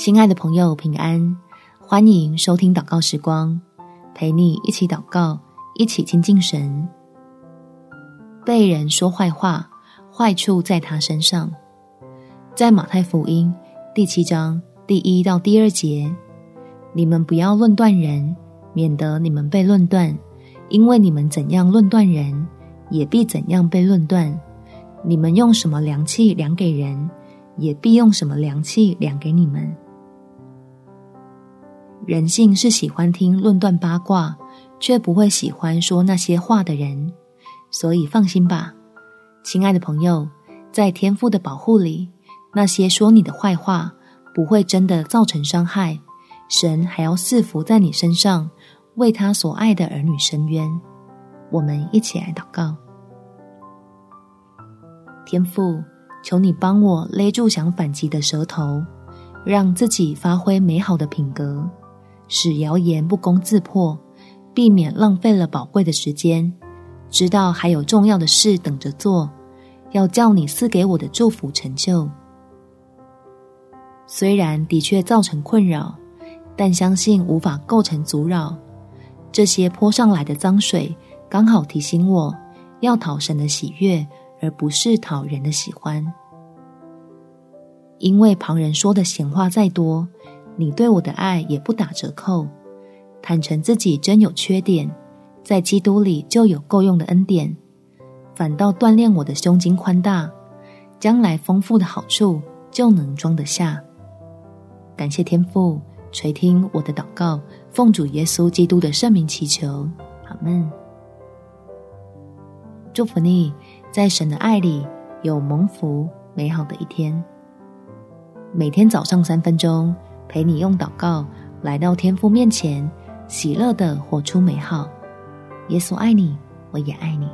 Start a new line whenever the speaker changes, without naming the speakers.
親愛的朋友，平安！歡迎收聽禱告時光，陪你一起禱告，一起親近神。被人說壞話，壞處在他身上。在馬太福音第七章第一到第二節，你們不要論斷人，免得你們被論斷，因為你們怎樣論斷人，也必怎樣被論斷。你們用什麼量器量給人，也必用什麼量器量給你們。人性是喜歡聽論斷八卦，卻不會喜歡說那些話的人。所以放心吧，親愛的朋友，在天父的保護裡，那些說你的壞話，不會真的造成傷害。神還要賜福在你身上，為他所愛的兒女申冤。我們一起來禱告，天父，求你幫我勒住想反擊的舌頭，讓自己發揮美好的品格。使謠言不攻自破，避免浪費了寶貴的時間。知道還有重要的事等着做，要叫你賜給我的祝福成就。雖然的確造成困擾，但相信無法構成阻擾。這些潑上來的髒水，剛好提醒我要討神的喜悅，而不是討人的喜歡。因為旁人說的閒話再多，你對我的愛也不打折扣，坦誠自己真有缺點，在基督裡就有夠用的恩典，反倒鍛鍊我的胸襟寬大，將來豐富的好處就能裝得下。感謝天父垂聽我的禱告，奉主耶穌基督的聖名祈求，阿門。祝福你，在神的愛裡有蒙福美好的一天。每天早上三分鐘。陪你用禱告來到天父面前，喜樂的活出美好。耶穌愛你，我也愛你。